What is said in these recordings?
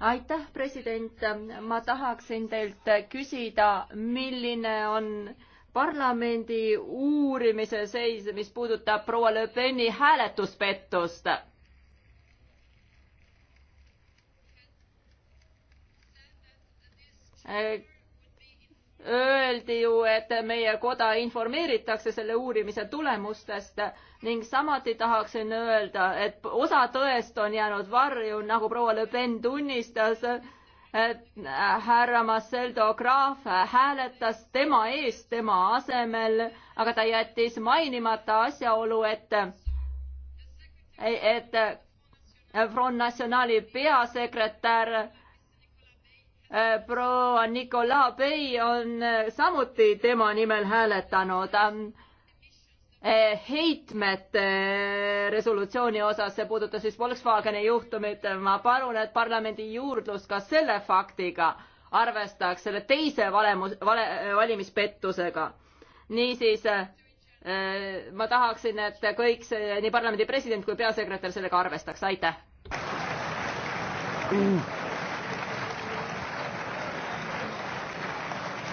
aitäh, president, ma tahaksin teilt küsida, milline on parlamendi uurimise seis, mis puudutab proua Le Peni hääletuspettust? öeldi ju, et meie koda informeeritakse selle uurimise tulemustest ning samuti tahaksin öelda, et osa tõest on jäänud varju, nagu proua Le Pen tunnistas, et härra Marceldo Graaf hääletas tema eest tema asemel, aga ta jättis mainimata asjaolu, et, et Front Nationali peasekretär Äh, proua Nicolas Bey on äh, samuti tema nimel hääletanud ähm, äh, heitmete resolutsiooni osas, see puudutas siis Volkswageni juhtumit, ma palun, et parlamendi juurdlus ka selle faktiga arvestaks selle teise valemus, vale, valimispettusega. niisiis ma tahaksin, et kõik see, nii parlamendi president kui peasekretär sellega arvestaks, aitäh mm..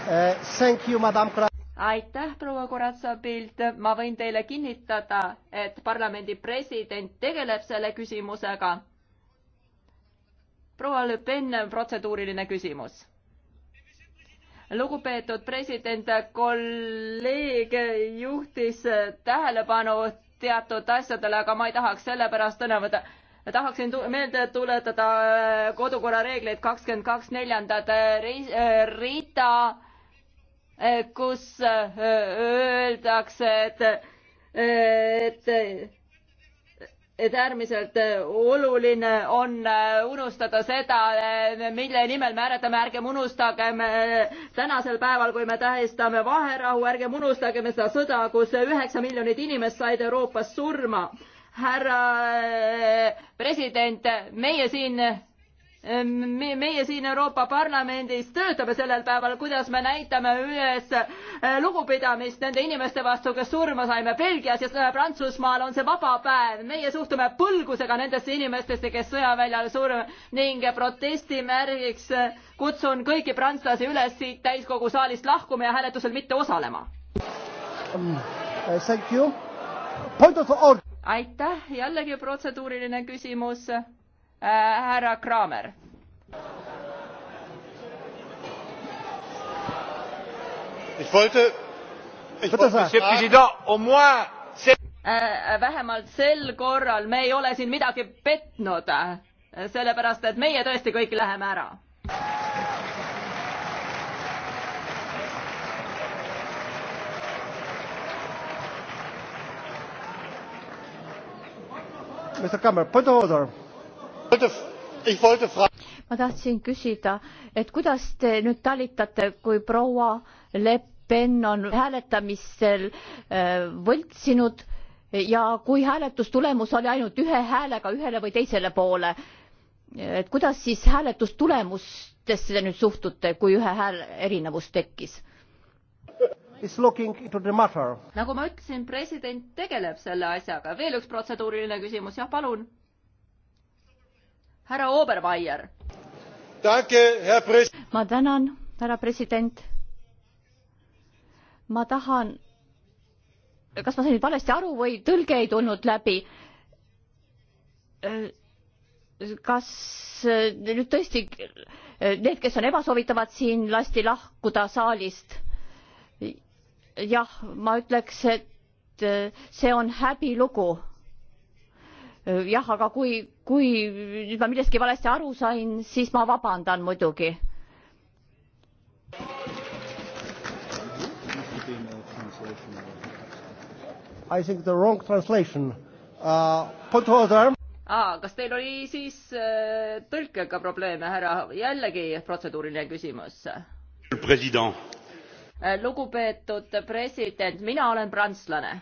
Eh, thank you, madam aitäh, proua Koratsa-Pilt, ma võin teile kinnitada, et parlamendi president tegeleb selle küsimusega. proua Le Pen, protseduuriline küsimus. lugupeetud president, kolleeg juhtis tähelepanu teatud asjadele, aga ma ei tahaks selle pärast sõna võtta tahaksin meelde tuletada eh, kodukorra reegleid kakskümmend kaks neljandat eh, rida kus äh, öeldakse, et, et, et äärmiselt oluline on äh, unustada seda, mille nimel me hääletame, ärgem unustagem äh, tänasel päeval, kui me tähistame vaherahu, ärgem unustagem seda sõda, kus üheksa miljonit inimest said Euroopas surma. härra president, meie siin me, meie siin Euroopa Parlamendis töötame sellel päeval, kuidas me näitame üles eh, lugupidamist nende inimeste vastu, kes surma saime Belgias ja Prantsusmaal on see vaba päev. meie suhtume põlgusega nendesse inimestesse, kes sõjaväljal surma ning protestimärgiks eh, kutsun kõiki prantslasi üles siit täiskogu saalist lahkuma ja hääletusel mitte osalema. Um, eh, aitäh, jällegi protseduuriline küsimus Äh, härra Kramer. Äh, vähemalt sel korral me ei ole siin midagi petnud, sellepärast et meie tõesti kõik läheme ära. Mr. Kammer, point of order ma tahtsin küsida, et kuidas te nüüd talitate, kui proua Le Pen on hääletamisel äh, võltsinud ja kui hääletustulemus oli ainult ühe häälega ühele või teisele poole, et kuidas siis hääletustulemustesse te nüüd suhtute, kui ühe hääle erinevus tekkis? nagu ma ütlesin, president tegeleb selle asjaga. veel üks protseduuriline küsimus, jah, palun härra Obermeier. ma tänan, härra president. ma tahan, kas ma sain valesti aru või tõlge ei tulnud läbi? Äh, kas äh, nüüd tõesti äh, need, kes on ebasoovitavad siin, lasti lahkuda saalist? jah, ma ütleks, et see on häbilugu jah, aga kui, kui nüüd ma millestki valesti aru sain, siis ma vabandan muidugi. I think the wrong translation uh,. Put order. Ah, kas teil oli siis äh, tõlkega probleeme, härra? jällegi protseduuriline küsimus. president. Äh, lugupeetud president, mina olen prantslane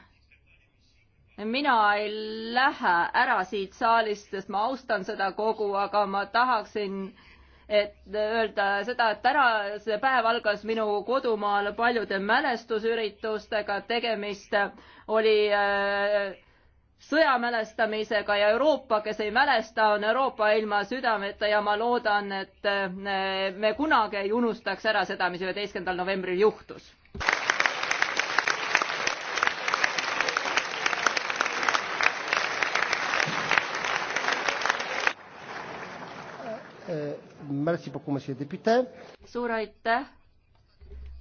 mina ei lähe ära siit saalist, sest ma austan seda kogu, aga ma tahaksin et öelda seda, et täna see päev algas minu kodumaal paljude mälestusüritustega, tegemist oli äh, sõja mälestamisega ja Euroopa, kes ei mälesta, on Euroopa ilma südameta ja ma loodan, et äh, me kunagi ei unustaks ära seda, mis üheteistkümnendal novembril juhtus. Merci beaucoup, monsieur député. suur aitäh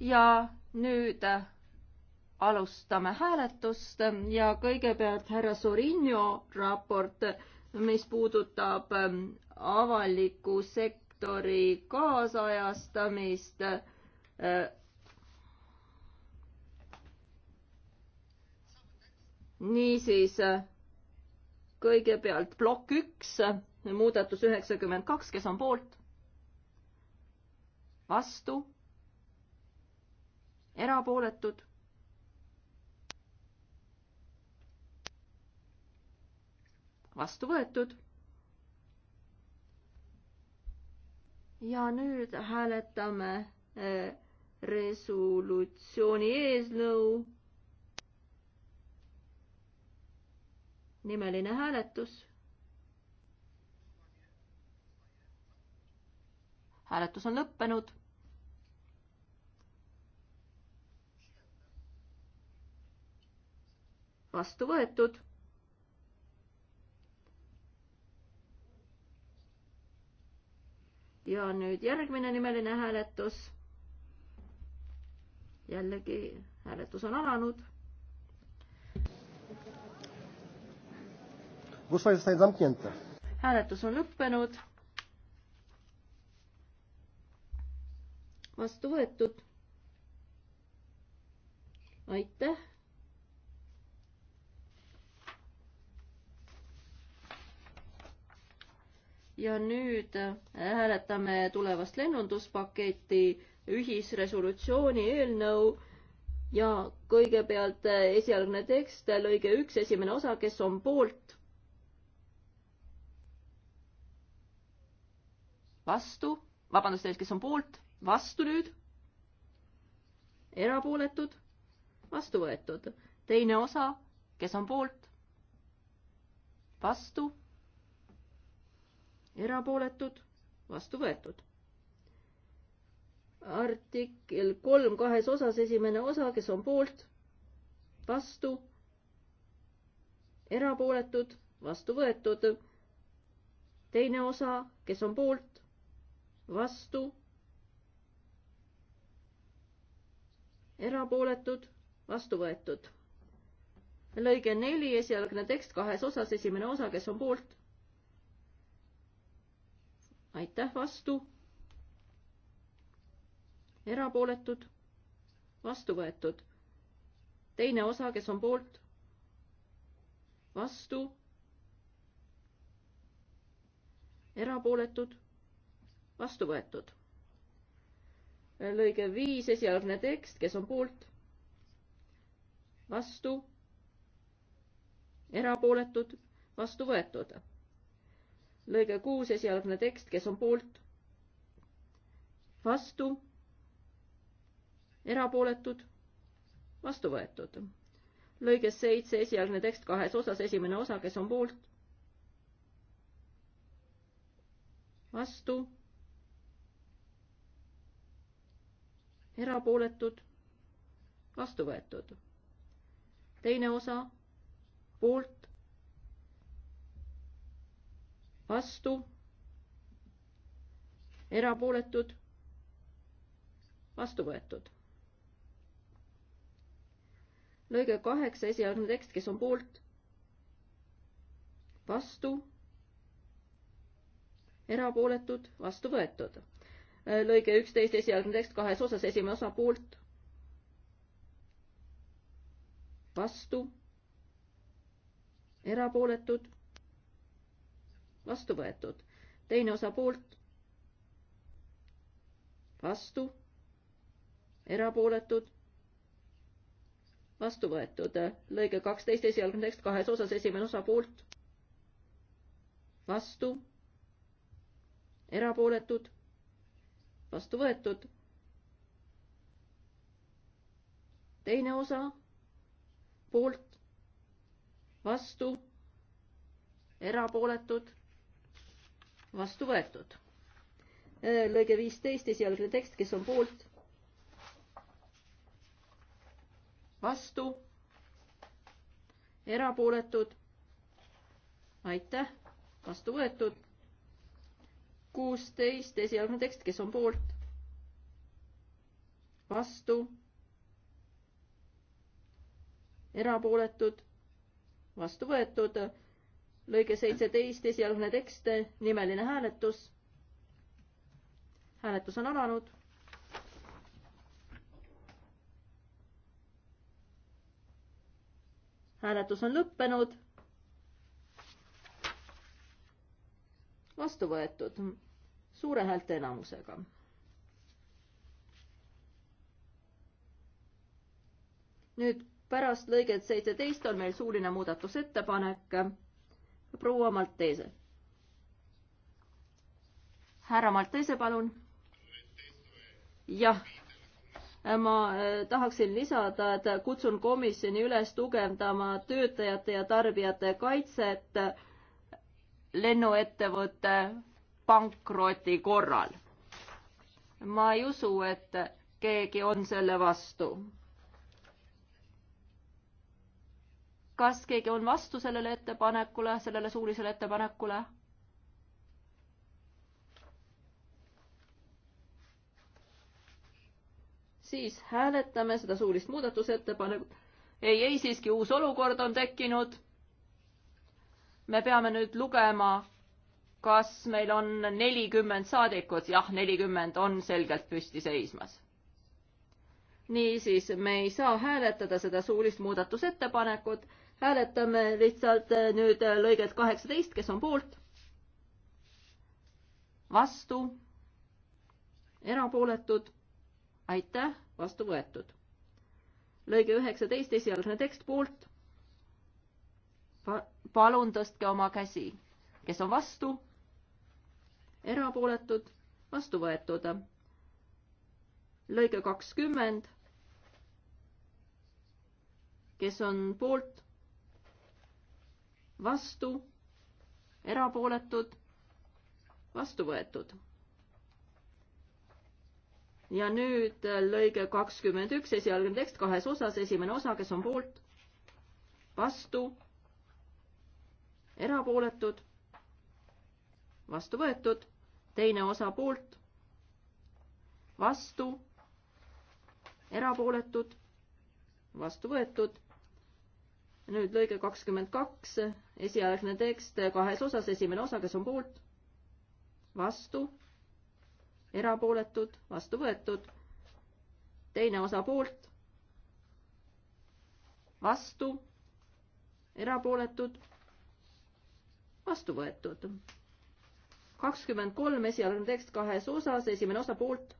ja nüüd alustame hääletust ja kõigepealt härra Sorinio raport, mis puudutab ähm, avaliku sektori kaasajastamist. Äh, niisiis kõigepealt plokk üks, muudatus üheksakümmend kaks, kes on poolt vastu, erapooletud. vastu võetud. ja nüüd hääletame äh, resolutsiooni eelnõu nimeline hääletus hääletus on lõppenud. vastu võetud. ja nüüd järgmine nimeline hääletus. jällegi hääletus on alanud. hääletus on lõppenud vastu võetud. aitäh. ja nüüd äh, hääletame tulevast lennunduspaketi ühisresolutsiooni eelnõu ja kõigepealt äh, esialgne tekst, äh, lõige üks, esimene osa, kes on poolt? vastu, vabandust, kes on poolt? vastu nüüd, erapooletud, vastu võetud. teine osa, kes on poolt, vastu, erapooletud, vastu võetud. artikkel kolm kahes osas, esimene osa, kes on poolt, vastu, erapooletud, vastu võetud. teine osa, kes on poolt, vastu erapooletud, vastu võetud. lõige neli, esialgne tekst kahes osas, esimene osa, kes on poolt? aitäh, vastu. erapooletud, vastu võetud. teine osa, kes on poolt? vastu. erapooletud, vastu võetud lõige viis, esialgne tekst, kes on poolt? vastu? erapooletud? vastu võetud. lõige kuus, esialgne tekst, kes on poolt? vastu? erapooletud? vastu võetud. lõige seitse, esialgne tekst kahes osas, esimene osa, kes on poolt? vastu erapooletud, vastu võetud. teine osa, poolt, vastu, erapooletud, vastu võetud. lõige kaheksa, esialgne tekst, kes on poolt, vastu, erapooletud, vastu võetud Äh, lõige üksteist esialgne tekst kahes osas, esimene osa poolt, vastu, erapooletud, vastu võetud, teine osa poolt, vastu, erapooletud, vastu võetud, lõige kaksteist esialgne tekst kahes osas, esimene osa poolt, vastu, erapooletud vastu võetud. teine osa poolt, vastu, erapooletud, vastu võetud. Äh, lõige viisteist, esialgne tekst, kes on poolt, vastu, erapooletud, aitäh, vastu võetud kuusteist, esialgne tekst, kes on poolt? vastu? erapooletud? vastu võetud. lõige seitseteist, esialgne tekst, nimeline hääletus. hääletus on alanud. hääletus on lõppenud vastu võetud suure häälte enamusega. nüüd pärast lõiget seitseteist on meil suuline muudatusettepanek proua Maltese. härra Maltese, palun. jah, ma äh, tahaksin lisada, et kutsun komisjoni üles tugevdama töötajate ja tarbijate kaitset lennuettevõte pankroti korral. ma ei usu, et keegi on selle vastu. kas keegi on vastu sellele ettepanekule, sellele suulisele ettepanekule? siis hääletame seda suulist muudatusettepanekut. ei, ei siiski uus olukord on tekkinud me peame nüüd lugema, kas meil on nelikümmend saadikut, jah, nelikümmend on selgelt püsti seismas. niisiis, me ei saa hääletada seda suulist muudatusettepanekut, hääletame lihtsalt eh, nüüd eh, lõiget kaheksateist, kes on poolt, vastu, erapooletud, aitäh, vastu võetud. lõige üheksateist, esialgne tekst poolt palun tõstke oma käsi. kes on vastu? erapooletud, vastu võetud. lõige kakskümmend. kes on poolt? vastu, erapooletud, vastu võetud. ja nüüd äh, lõige kakskümmend üks, esialgne tekst kahes osas, esimene osa, kes on poolt, vastu erapooletud, vastu võetud, teine osa poolt, vastu, erapooletud, vastu võetud. nüüd lõige kakskümmend kaks, esialgne tekst kahes osas, esimene osa, kes on poolt, vastu, erapooletud, vastu võetud, teine osa poolt, vastu, erapooletud vastu võetud. kakskümmend kolm, esialgne tekst kahes osas, esimene osa poolt,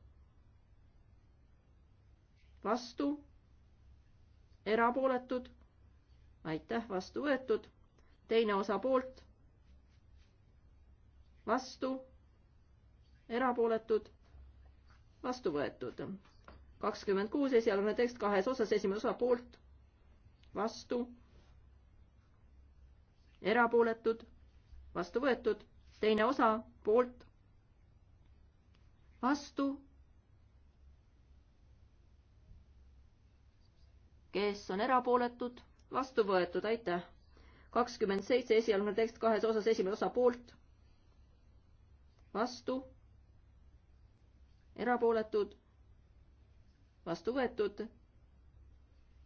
vastu, erapooletud, aitäh, vastu võetud, teine osa poolt, vastu, erapooletud, vastu võetud. kakskümmend kuus, esialgne tekst kahes osas, esimene osa poolt, vastu, erapooletud vastu võetud, teine osa poolt, vastu, kes on erapooletud, vastu võetud, aitäh. kakskümmend seitse, esialgne tekst kahes osas, esimene osa poolt, vastu, erapooletud, vastu võetud,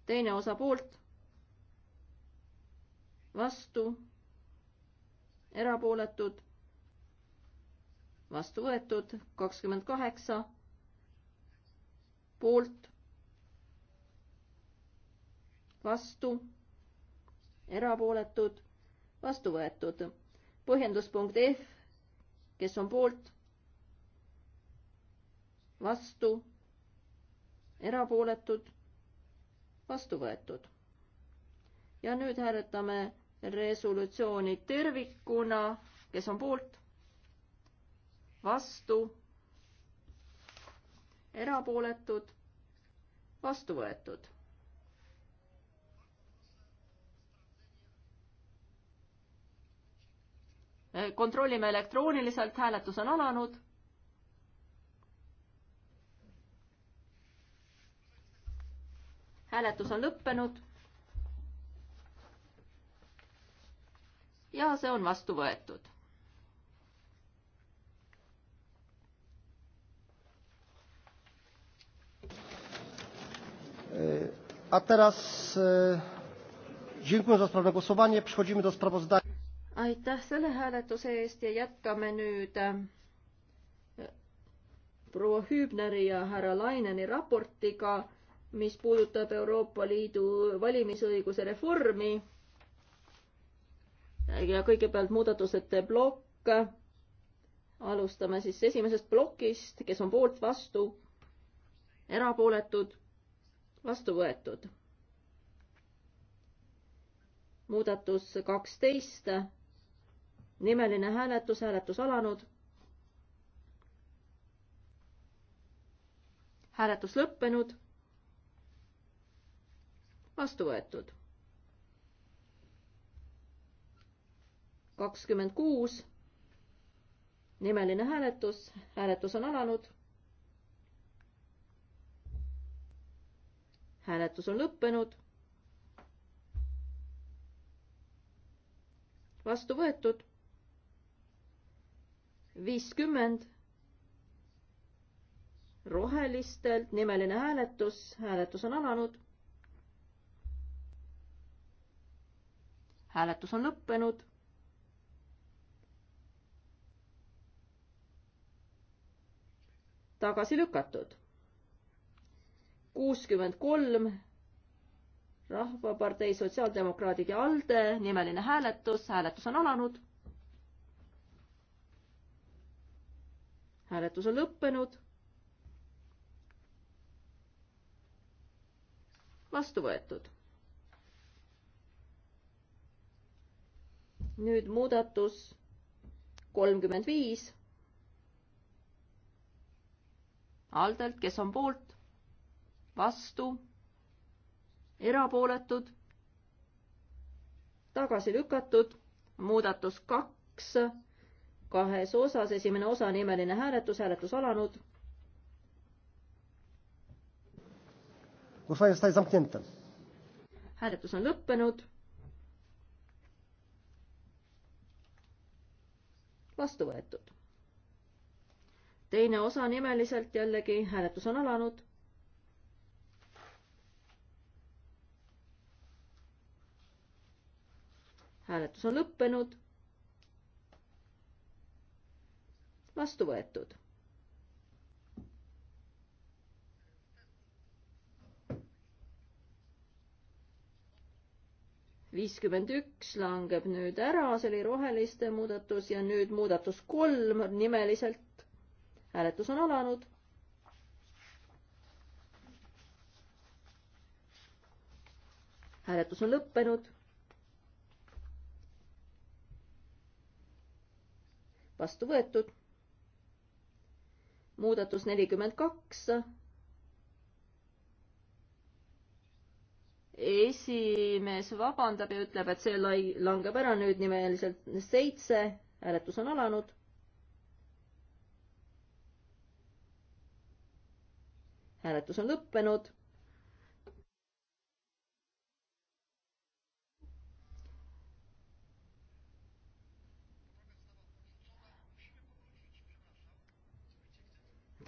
teine osa poolt, vastu erapooletud, vastu võetud, kakskümmend kaheksa poolt, vastu, erapooletud, vastu võetud. põhjenduspunkt F, kes on poolt, vastu, erapooletud, vastu võetud. ja nüüd hääletame resolutsiooni tervikuna, kes on poolt, vastu, erapooletud, vastu võetud. kontrollime elektrooniliselt, hääletus on alanud hääletus on lõppenud. ja see on vastu võetud. A teraz e, dziękuję za sprawne głosowanie. Przechodzimy do sprawozdania. Aitäh selle hääletuse eest ja jätkame nüüd e, proua Hübneri ja härra Laineni raportiga, mis puudutab Euroopa Liidu valimisõiguse reformi ja kõigepealt muudatusete plokk. alustame siis esimesest plokist, kes on poolt, vastu, erapooletud, vastu võetud. muudatus kaksteist, nimeline hääletus, hääletus alanud. hääletus lõppenud, vastu võetud kakskümmend kuus. nimeline hääletus, hääletus on alanud. hääletus on lõppenud. vastu võetud. viiskümmend. rohelistelt nimeline hääletus, hääletus on alanud hääletus on lõppenud. tagasi lükatud. kuuskümmend kolm Rahvapartei, Sotsiaaldemokraadid ja ALDE nimeline hääletus, hääletus on alanud. hääletus on lõppenud. vastu võetud. nüüd muudatus kolmkümmend viis Aldelt, kes on poolt, vastu, erapooletud, tagasi lükatud, muudatus kaks, kahes osas, esimene osa, nimeline hääletus, hääletus alanud. hääletus on lõppenud. vastu võetud teine osa nimeliselt jällegi, hääletus on alanud. hääletus on lõppenud. vastu võetud. viiskümmend üks langeb nüüd ära, see oli roheliste muudatus ja nüüd muudatus kolm nimeliselt hääletus on alanud. hääletus on lõppenud. vastu võetud. muudatus nelikümmend kaks. esimees vabandab ja ütleb, et see lai langeb ära nüüd nimeliselt seitse, hääletus on alanud. hääletus on lõppenud.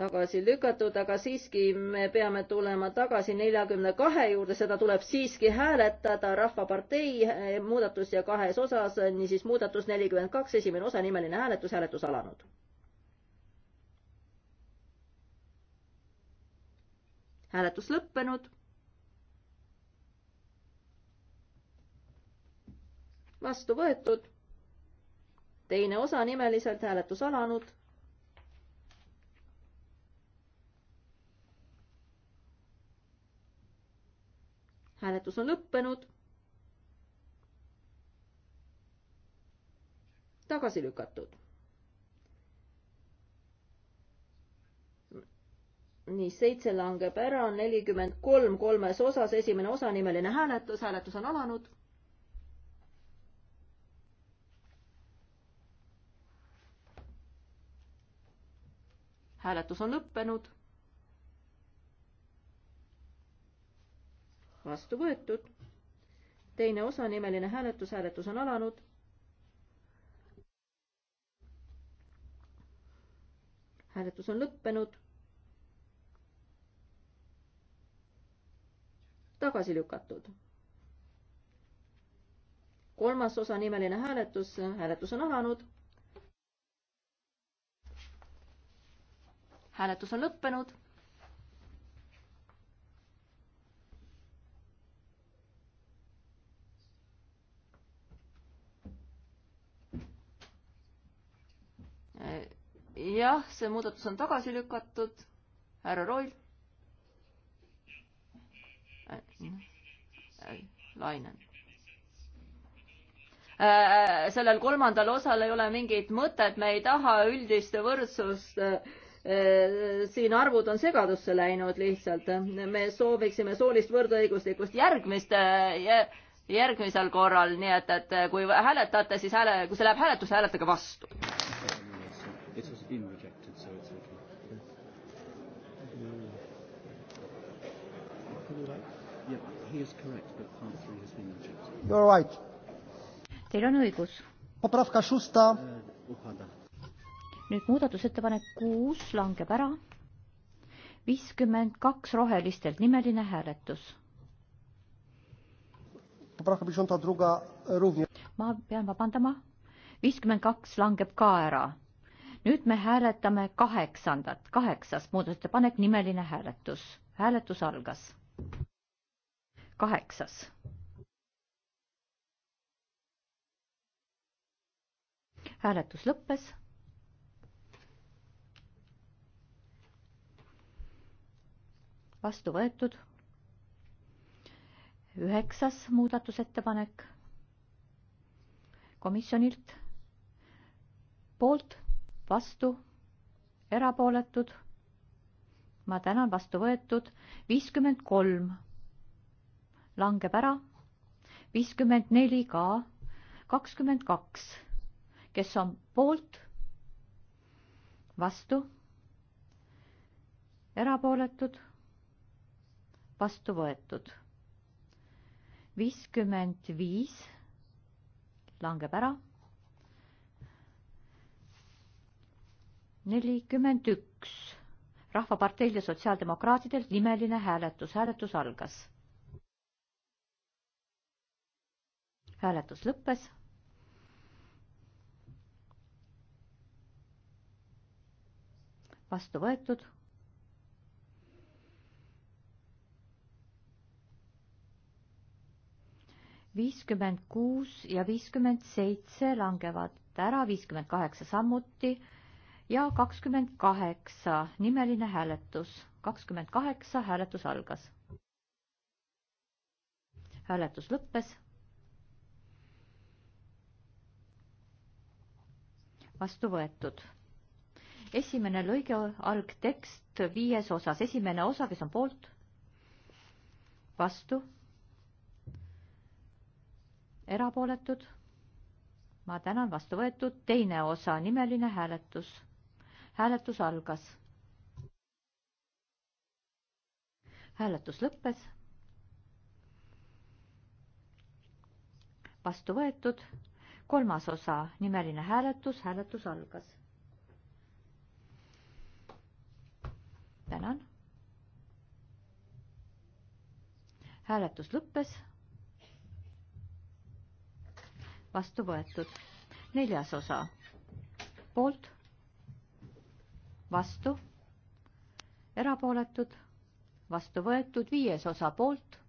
tagasi lükatud, aga siiski me peame tulema tagasi neljakümne kahe juurde, seda tuleb siiski hääletada, Rahvapartei eh, muudatus ja kahes osas, niisiis muudatus nelikümmend kaks, esimene osa, nimeline hääletus, hääletus alanud hääletus lõppenud. vastu võetud. teine osa nimeliselt hääletus alanud. hääletus on lõppenud. tagasi lükatud nii, seitse langeb ära, nelikümmend kolm kolmes osas, esimene osa, nimeline hääletus, hääletus on alanud. hääletus on lõppenud. vastu võetud. teine osa, nimeline hääletus, hääletus on alanud hääletus on lõppenud. tagasi lükatud. kolmas osa nimeline hääletus, hääletus on alanud. hääletus on lõppenud. jah, see muudatus on tagasi lükatud. härra Roil Lainen. Äh, sellel kolmandal osal ei ole mingit mõtet, me ei taha üldist võrdsust äh, siin arvud on segadusse läinud lihtsalt. me sooviksime soolist võrdõiguslikkust järgmiste, järgmisel korral, nii et, et kui hääletate, siis hääle, kui see läheb hääletusse, hääletage vastu. You are right. Teil on õigus. Popravka šusta. Uh, nüüd muudatusettepanek kuus langeb ära. viiskümmend kaks rohelistelt, nimeline hääletus. ma pean vabandama, viiskümmend kaks langeb ka ära. nüüd me hääletame kaheksandat, kaheksas muudatusettepanek, nimeline hääletus. hääletus algas kaheksas. hääletus lõppes. vastu võetud. üheksas muudatusettepanek komisjonilt. poolt, vastu, erapooletud. ma tänan, vastu võetud viiskümmend kolm langeb ära, viiskümmend neli ka, kakskümmend kaks, kes on poolt, vastu, erapooletud, vastu võetud, viiskümmend viis langeb ära, nelikümmend üks Rahvaparteil ja sotsiaaldemokraatidel nimeline hääletus, hääletus algas hääletus lõppes. vastu võetud. viiskümmend kuus ja viiskümmend seitse langevad ära, viiskümmend kaheksa samuti ja kakskümmend kaheksa nimeline hääletus. kakskümmend kaheksa hääletus algas. hääletus lõppes vastu võetud. esimene lõige, algtekst viies osas, esimene osa, kes on poolt, vastu, erapooletud, ma tänan, vastu võetud, teine osa, nimeline hääletus. hääletus algas. hääletus lõppes. vastu võetud kolmas osa, nimeline hääletus, hääletus algas. tänan. hääletus lõppes. vastu võetud. neljas osa, poolt, vastu, erapooletud, vastu võetud, viies osa poolt,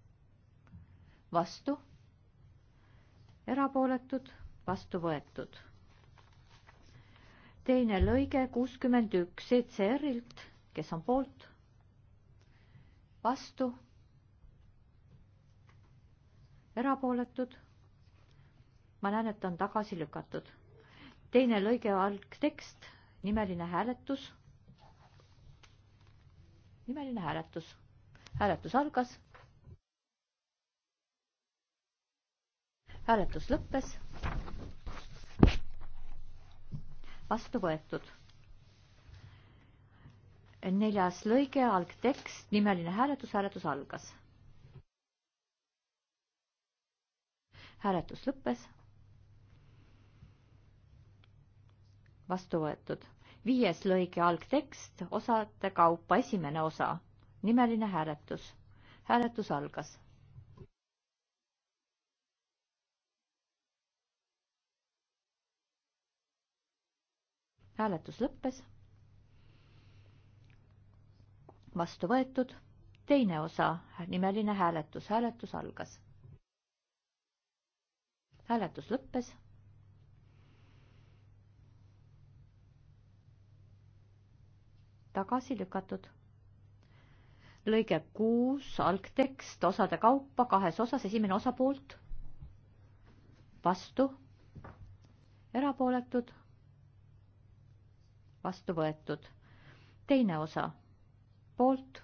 vastu, erapooletud vastu võetud. teine lõige kuuskümmend üks ECR-ilt, kes on poolt, vastu, erapooletud. ma näen, et on tagasi lükatud. teine lõige algtekst, nimeline hääletus. nimeline hääletus, hääletus algas hääletus lõppes. vastu võetud. neljas lõige, algtekst, nimeline hääletus, hääletus algas. hääletus lõppes. vastu võetud. viies lõige, algtekst, osade kaupa, esimene osa, nimeline hääletus, hääletus algas hääletus lõppes. vastu võetud, teine osa, nimeline hääletus, hääletus algas. hääletus lõppes. tagasi lükatud lõige kuus, algtekst osade kaupa kahes osas, esimene osa poolt, vastu, erapooletud, vastu võetud. teine osa poolt,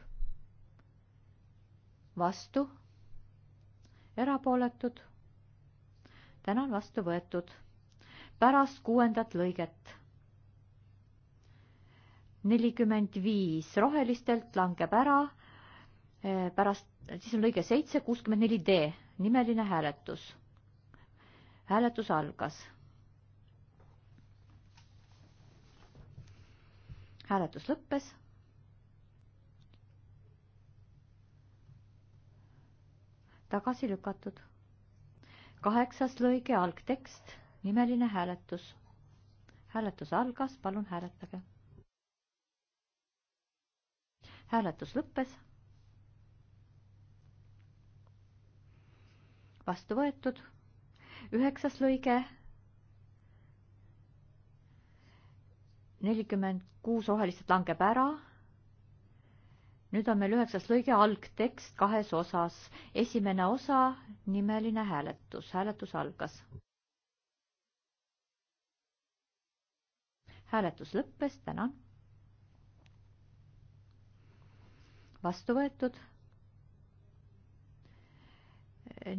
vastu, erapooletud. täna on vastu võetud. pärast kuuendat lõiget. nelikümmend viis rohelistelt langeb ära. Eh, pärast, siis on lõige seitse, kuuskümmend neli D, nimeline hääletus. hääletus algas hääletus lõppes. tagasi lükatud. kaheksas lõige algtekst, nimeline hääletus. hääletus algas, palun hääletage. hääletus lõppes. vastu võetud. üheksas lõige nelikümmend kuus rohelistelt langeb ära. nüüd on meil üheksas lõige algtekst kahes osas. esimene osa, nimeline hääletus, hääletus algas. hääletus lõppes, tänan. vastu võetud.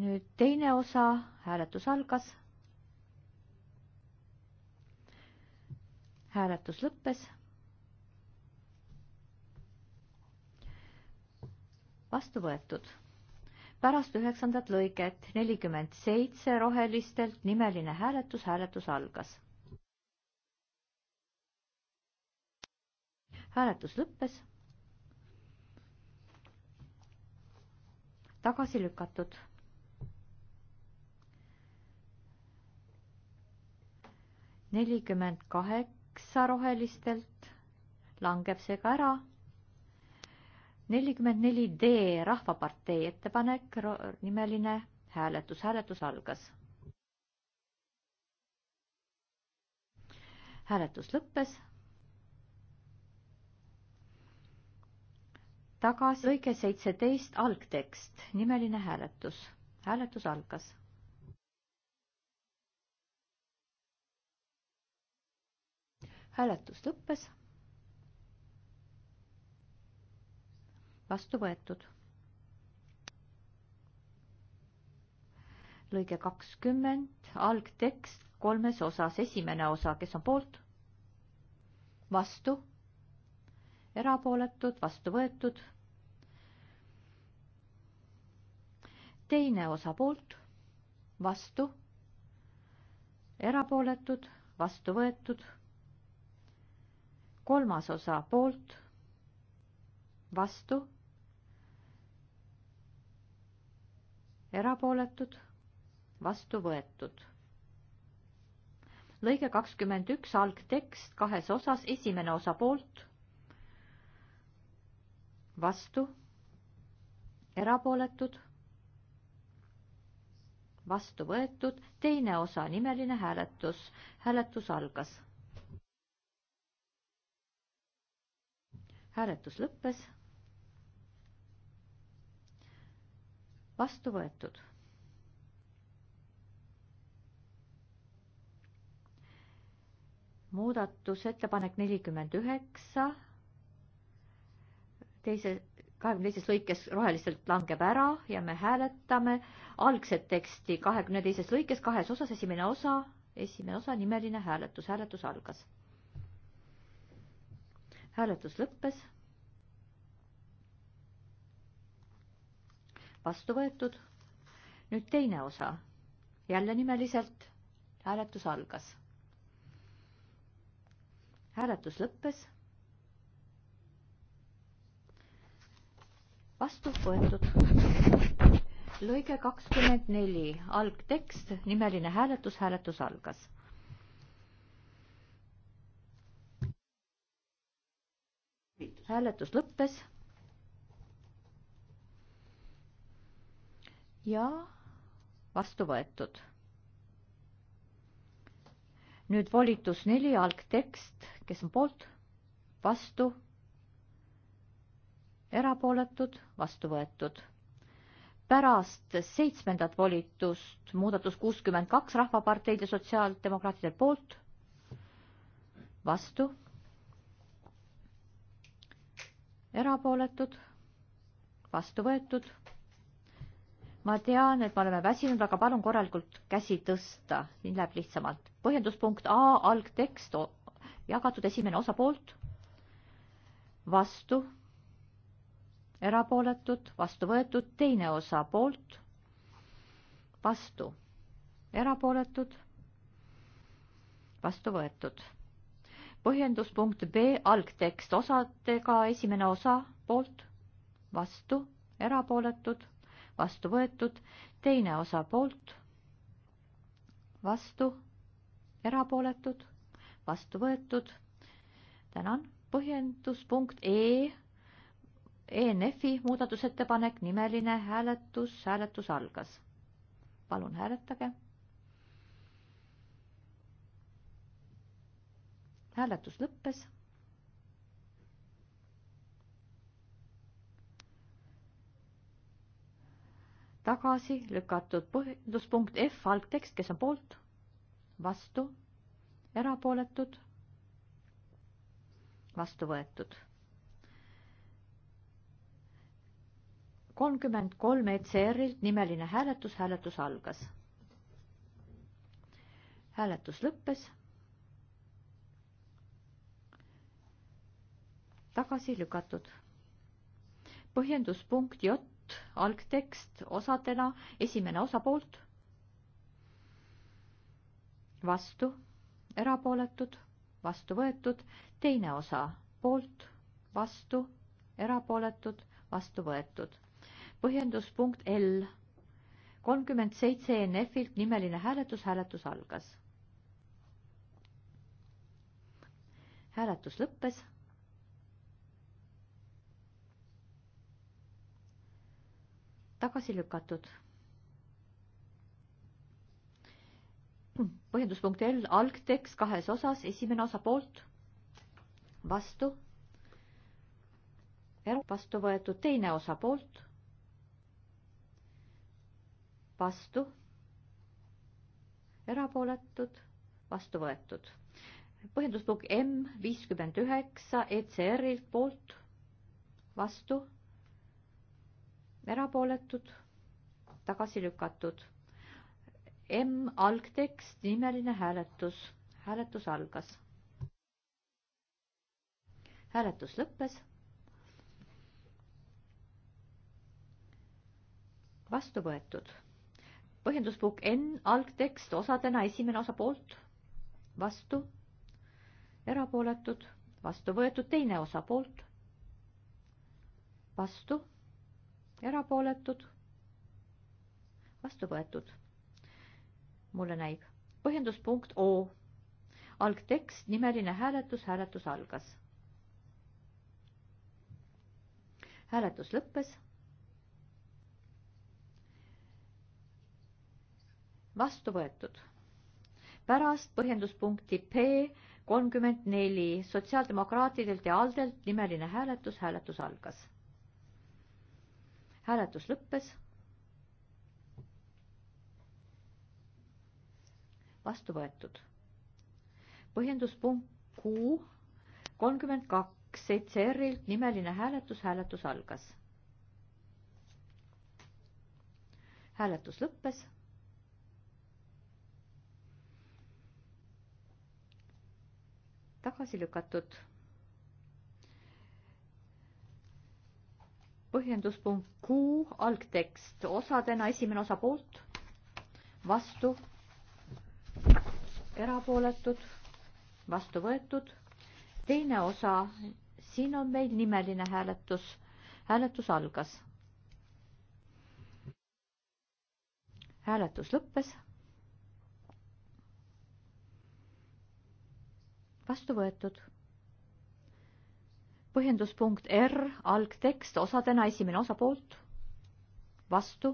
nüüd teine osa, hääletus algas hääletus lõppes. vastu võetud. pärast üheksandat lõiget nelikümmend seitse rohelistelt nimeline hääletus, hääletus algas. hääletus lõppes. tagasi lükatud nelikümmend kaheksa üheksa rohelistelt, langeb see ka ära. nelikümmend neli D Rahvapartei ettepanek, nimeline hääletus, hääletus algas. hääletus lõppes. tagasi lõige seitseteist algtekst, nimeline hääletus, hääletus algas hääletus lõppes. vastu võetud. lõige kakskümmend, algtekst kolmes osas, esimene osa, kes on poolt? vastu, erapooletud, vastu võetud. teine osa poolt, vastu, erapooletud, vastu võetud kolmas osa poolt, vastu, erapooletud, vastu võetud. lõige kakskümmend üks, algtekst kahes osas, esimene osa poolt, vastu, erapooletud, vastu võetud, teine osa, nimeline hääletus, hääletus algas hääletus lõppes. vastu võetud. muudatusettepanek nelikümmend üheksa, teise, kahekümne teises lõikes roheliselt langeb ära ja me hääletame algset teksti kahekümne teises lõikes kahes osas, esimene osa, esimene osa, nimeline hääletus, hääletus algas hääletus lõppes. vastu võetud. nüüd teine osa, jälle nimeliselt hääletus algas. hääletus lõppes. vastu võetud. lõige kakskümmend neli, algtekst, nimeline hääletus, hääletus algas hääletus lõppes. ja vastu võetud. nüüd volitus neli, algtekst, kes on poolt, vastu, erapooletud, vastu võetud pärast seitsmendat volitust muudatus kuuskümmend kaks Rahvaparteid ja sotsiaaldemokraatide poolt, vastu erapooletud, vastu võetud. ma tean, et me oleme väsinud, aga palun korralikult käsi tõsta, nii läheb lihtsamalt. põhjenduspunkt A, algtekst, jagatud esimene osa poolt, vastu, erapooletud, vastu võetud, teine osa poolt, vastu, erapooletud, vastu võetud põhjenduspunkt B algtekst osadega, esimene osa poolt, vastu, erapooletud, vastu võetud, teine osa poolt, vastu, erapooletud, vastu võetud. tänan, põhjenduspunkt E, ENF-i muudatusettepanek, nimeline hääletus, hääletus algas. palun hääletage hääletus lõppes. tagasi lükatud põhjenduspunkt F algtekst, kes on poolt, vastu, erapooletud, vastu võetud. kolmkümmend kolm ECR-ilt nimeline hääletus, hääletus algas. hääletus lõppes tagasi lükatud. põhjenduspunkt J, algtekst osadena, esimene osa poolt, vastu, erapooletud, vastu võetud, teine osa poolt, vastu, erapooletud, vastu võetud. põhjenduspunkt L, kolmkümmend seitse ENF-ilt nimeline hääletus, hääletus algas hääletus lõppes tagasi lükatud. põhjenduspunkt L, algtekst kahes osas, esimene osa poolt, vastu, er-, vastu võetud, teine osa poolt, vastu, erapooletud, vastu võetud. põhjenduspunkt M viiskümmend üheksa ECR-ilt poolt, vastu erapooletud, tagasi lükatud. M algtekst, nimeline hääletus, hääletus algas. hääletus lõppes. vastu võetud. põhjenduspunkt N algtekst osadena, esimene osa poolt, vastu, erapooletud, vastu võetud, teine osa poolt, vastu erapooletud, vastu võetud. mulle näib. põhjenduspunkt O. algtekst, nimeline hääletus, hääletus algas. hääletus lõppes. vastu võetud. pärast põhjenduspunkti P kolmkümmend neli sotsiaaldemokraatidelt ja ALDE-lt nimeline hääletus, hääletus algas hääletus lõppes. vastu võetud. põhjenduspunkt Q kolmkümmend kaks, seitse R-ilt nimeline hääletus, hääletus algas. hääletus lõppes. tagasi lükatud põhjenduspunkt Q algtekst osadena, esimene osa poolt, vastu, erapooletud, vastu võetud. teine osa, siin on meil nimeline hääletus, hääletus algas. hääletus lõppes. vastu võetud põhjenduspunkt R, algtekst osadena, esimene osa poolt, vastu,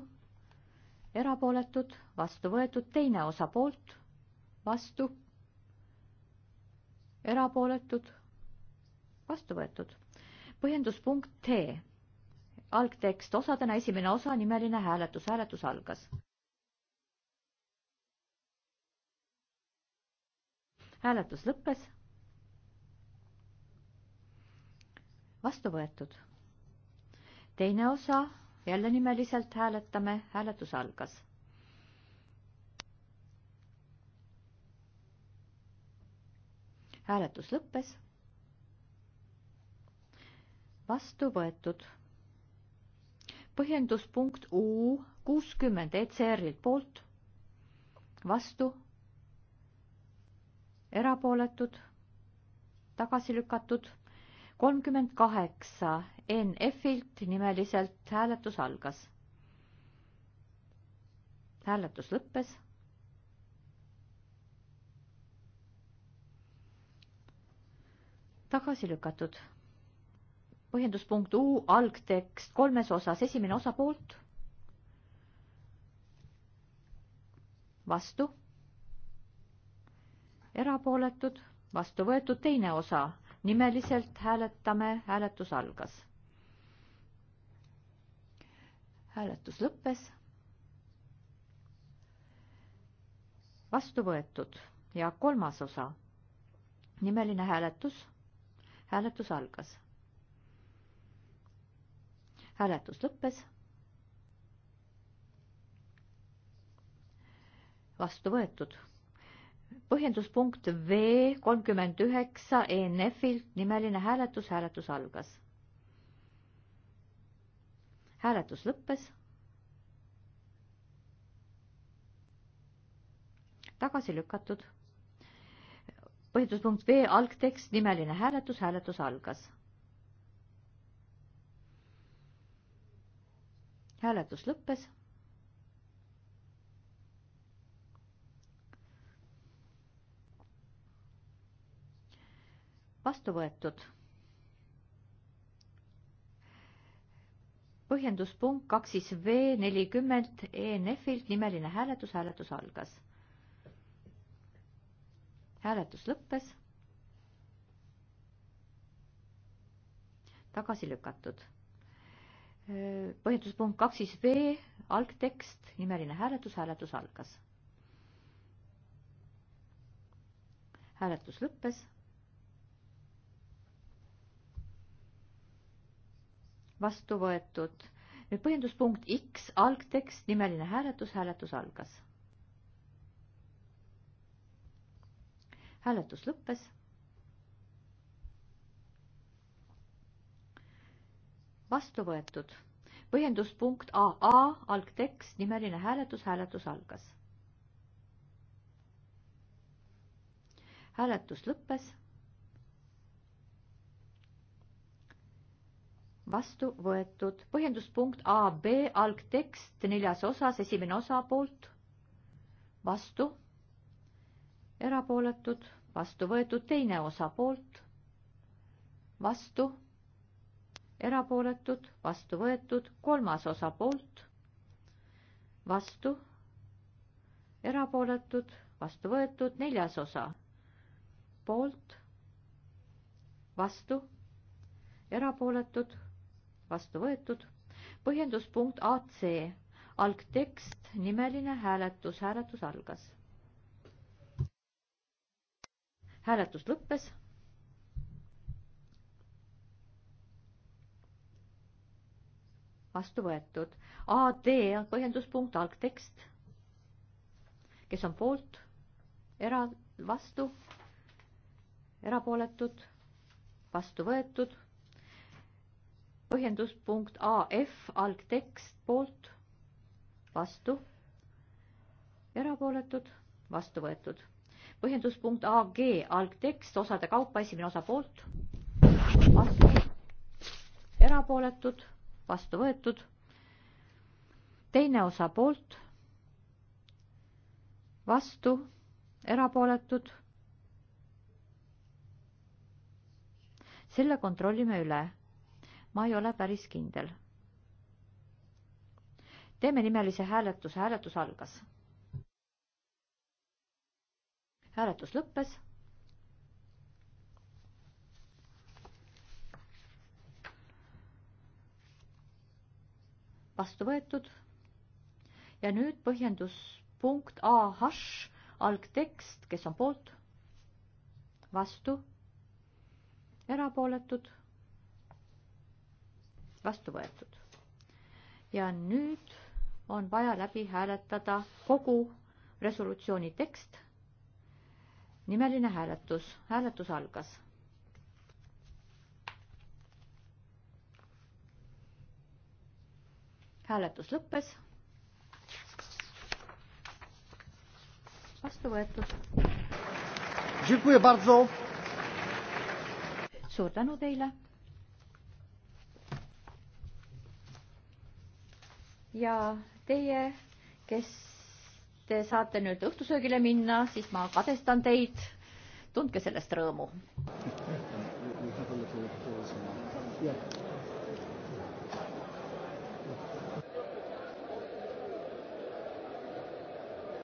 erapooletud, vastu võetud, teine osa poolt, vastu, erapooletud, vastu võetud. põhjenduspunkt T, algtekst osadena, esimene osa, nimeline hääletus, hääletus algas. hääletus lõppes vastu võetud. teine osa, jälle nimeliselt hääletame, hääletus algas. hääletus lõppes. vastu võetud. põhjenduspunkt U kuuskümmend ECR-ilt poolt, vastu, erapooletud, tagasi lükatud kolmkümmend kaheksa NF-ilt nimeliselt hääletus algas. hääletus lõppes. tagasi lükatud. põhjenduspunkt U algtekst kolmes osas, esimene osa poolt. vastu. erapooletud, vastu võetud teine osa nimeliselt hääletame, hääletus algas. hääletus lõppes. vastu võetud ja kolmas osa, nimeline hääletus, hääletus algas. hääletus lõppes vastu võetud põhjenduspunkt V kolmkümmend üheksa ENF-ilt nimeline hääletus, hääletus algas. hääletus lõppes. tagasi lükatud. põhjenduspunkt V algtekst nimeline hääletus, hääletus algas. hääletus lõppes vastu võetud. põhjenduspunkt kaks siis V nelikümmend ENF-ilt nimeline hääletus, hääletus algas. hääletus lõppes. tagasi lükatud. põhjenduspunkt kaks siis V algtekst, nimeline hääletus, hääletus algas. hääletus lõppes vastu võetud. nüüd põhjenduspunkt X, algtekst, nimeline hääletus, hääletus algas. hääletus lõppes. vastu võetud. põhjenduspunkt AA, algtekst, nimeline hääletus, hääletus algas. hääletus lõppes vastu võetud. põhjenduspunkt AB algtekst neljas osas, esimene osa poolt, vastu, erapooletud, vastu võetud, teine osa poolt, vastu, erapooletud, vastu võetud, kolmas osa poolt, vastu, erapooletud, vastu võetud, neljas osa poolt, vastu, erapooletud vastu võetud. põhjenduspunkt AC, algtekst, nimeline hääletus, hääletus algas. hääletus lõppes. vastu võetud. AD on põhjenduspunkt, algtekst. kes on poolt, era-, vastu, erapooletud, vastu võetud põhjenduspunkt AF algtekst poolt, vastu, erapooletud, vastu võetud. põhjenduspunkt AG algtekst osade kaupa, esimene osa poolt, vastu, erapooletud, vastu võetud. teine osa poolt, vastu, erapooletud. selle kontrollime üle ma ei ole päris kindel. teeme nimelise hääletuse, hääletus algas. hääletus lõppes. vastu võetud. ja nüüd põhjendus punkt AH algtekst, kes on poolt, vastu, erapooletud vastu võetud. ja nüüd on vaja läbi hääletada kogu resolutsiooni tekst. nimeline hääletus, hääletus algas. hääletus lõppes. vastu võetud. suur tänu teile ja teie, kes te saate nüüd õhtusöögile minna, siis ma kadestan teid. tundke sellest rõõmu. Yeah.